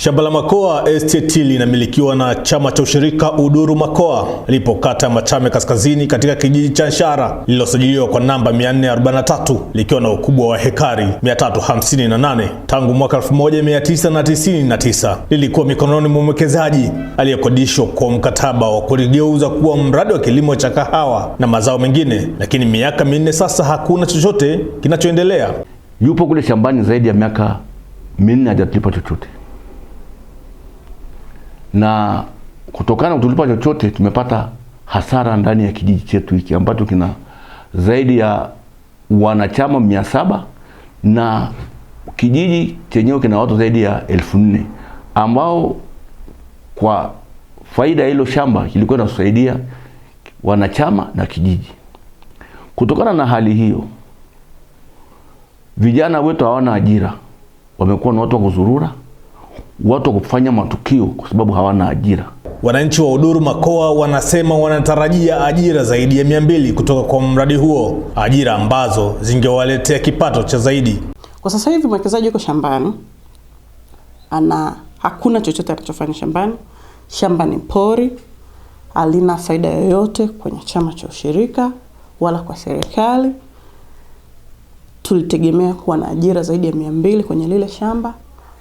Shamba la Makoa stt linamilikiwa na chama cha ushirika Uduru Makoa lipo kata ya Machame Kaskazini katika kijiji cha Nshara lililosajiliwa kwa namba 443 likiwa na ukubwa wa hekari 358. Tangu mwaka 1999 lilikuwa mikononi mwa mwekezaji aliyekodishwa kwa mkataba wa kuligeuza kuwa mradi wa kilimo cha kahawa na mazao mengine, lakini miaka minne sasa hakuna chochote kinachoendelea. Yupo kule shambani zaidi ya miaka minne hajatulipa chochote na kutokana kutulipa chochote tumepata hasara ndani ya kijiji chetu hiki ambacho kina zaidi ya wanachama mia saba na kijiji chenyewe kina watu zaidi ya elfu nne ambao kwa faida ya hilo shamba kilikuwa inasaidia wanachama na kijiji. Kutokana na hali hiyo, vijana wetu hawana ajira, wamekuwa na watu wa kuzurura watu wa kufanya matukio kwa sababu hawana ajira. Wananchi wa Uduru Makoa wanasema wanatarajia ajira zaidi ya mia mbili kutoka kwa mradi huo, ajira ambazo zingewaletea kipato cha zaidi. Kwa sasa hivi mwekezaji yuko shambani, ana hakuna chochote anachofanya shambani. Shamba ni pori, halina faida yoyote kwenye chama cha ushirika wala kwa serikali. Tulitegemea kuwa na ajira zaidi ya mia mbili kwenye lile shamba,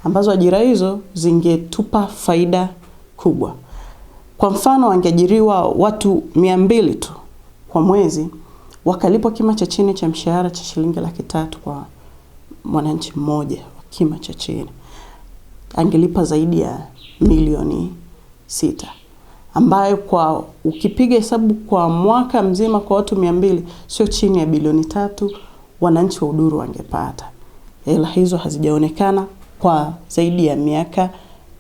ambazo ajira hizo zingetupa faida kubwa. Kwa mfano, wangeajiriwa watu mia mbili tu kwa mwezi wakalipwa kima cha chini cha mshahara cha shilingi laki tatu kwa mwananchi mmoja wa kima cha chini, angelipa zaidi ya milioni sita ambayo kwa ukipiga hesabu kwa mwaka mzima kwa watu mia mbili sio chini ya bilioni tatu wananchi wa Uduru wangepata. Hela hizo hazijaonekana kwa zaidi ya miaka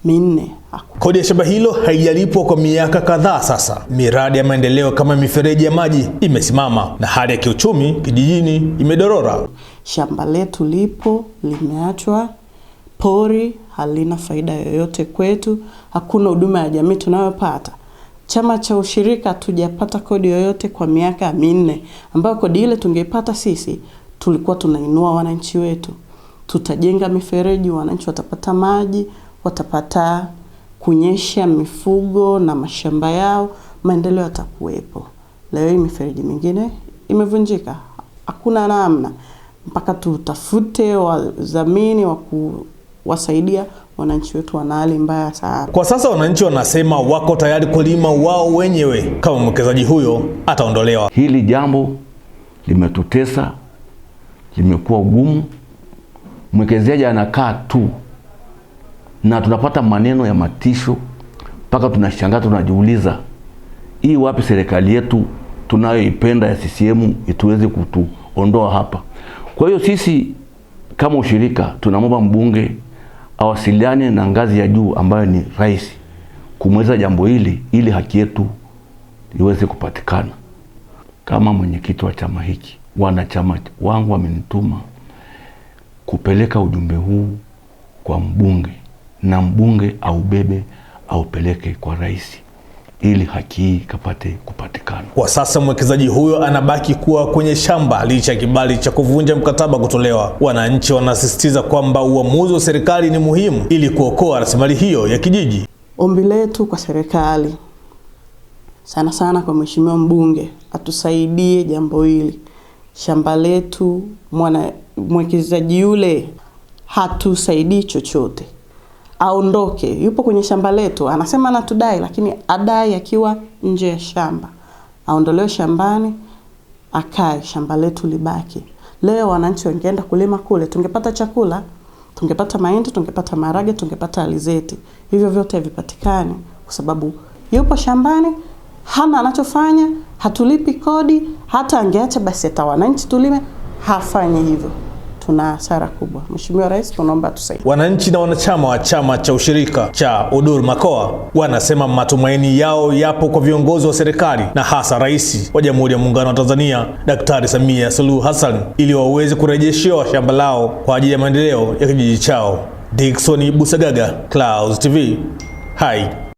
minne. Kodi ya shamba hilo haijalipwa kwa miaka kadhaa sasa. Miradi ya maendeleo kama mifereji ya maji imesimama na hali ya kiuchumi kijijini imedorora. Shamba letu lipo limeachwa pori, halina faida yoyote kwetu, hakuna huduma ya jamii tunayopata. Chama cha ushirika hatujapata kodi yoyote kwa miaka minne, ambayo kodi ile tungeipata sisi, tulikuwa tunainua wananchi wetu tutajenga mifereji, wananchi watapata maji, watapata kunyesha mifugo na mashamba yao, maendeleo yatakuwepo. Leo hii mifereji mingine imevunjika, hakuna namna, mpaka tutafute wadhamini wa kuwasaidia wananchi wetu wana hali mbaya sana kwa sasa. Wananchi wanasema wako tayari kulima wao wenyewe kama mwekezaji huyo ataondolewa. Hili jambo limetutesa, limekuwa gumu mwekezaji anakaa tu na tunapata maneno ya matisho mpaka tunashangaa, tunajiuliza hii wapi serikali yetu tunayoipenda ya CCM ituweze kutuondoa hapa. Kwa hiyo sisi kama ushirika tunamwomba mbunge awasiliane na ngazi ya juu ambayo ni rais kumweza jambo hili ili haki yetu iweze kupatikana. Kama mwenyekiti wa chama hiki, wanachama wangu wamenituma kupeleka ujumbe huu kwa mbunge na mbunge aubebe aupeleke kwa rais ili haki hii ikapate kupatikana. Kwa sasa mwekezaji huyo anabaki kuwa kwenye shamba licha ya kibali cha kuvunja mkataba kutolewa. Wananchi wanasisitiza kwamba uamuzi wa serikali ni muhimu ili kuokoa rasilimali hiyo ya kijiji. Ombi letu kwa serikali, sana sana kwa mheshimiwa mbunge, atusaidie jambo hili shamba letu, mwana mwekezaji yule hatusaidii chochote, aondoke. Yupo kwenye shamba letu, anasema anatudai, lakini adai akiwa nje ya shamba. Aondolewe shambani, akae, shamba letu libaki. Leo wananchi wangeenda kulima kule, tungepata chakula, tungepata mahindi, tungepata maharage, tungepata alizeti. Hivyo vyote havipatikani kwa sababu yupo shambani, hana anachofanya hatulipi kodi, hata angeacha basi hata wananchi tulime, hafanyi hivyo tuna hasara kubwa. Mheshimiwa Rais, tunaomba tusaidie. Wananchi na wanachama wa chama cha ushirika cha UDUR Makoa wanasema matumaini yao yapo kwa viongozi wa serikali na hasa Rais wa Jamhuri ya Muungano wa Tanzania Daktari Samia Suluhu Hassan ili waweze kurejeshewa shamba lao kwa ajili ya maendeleo ya kijiji chao. Dickson Busagaga, Clouds TV, Hai.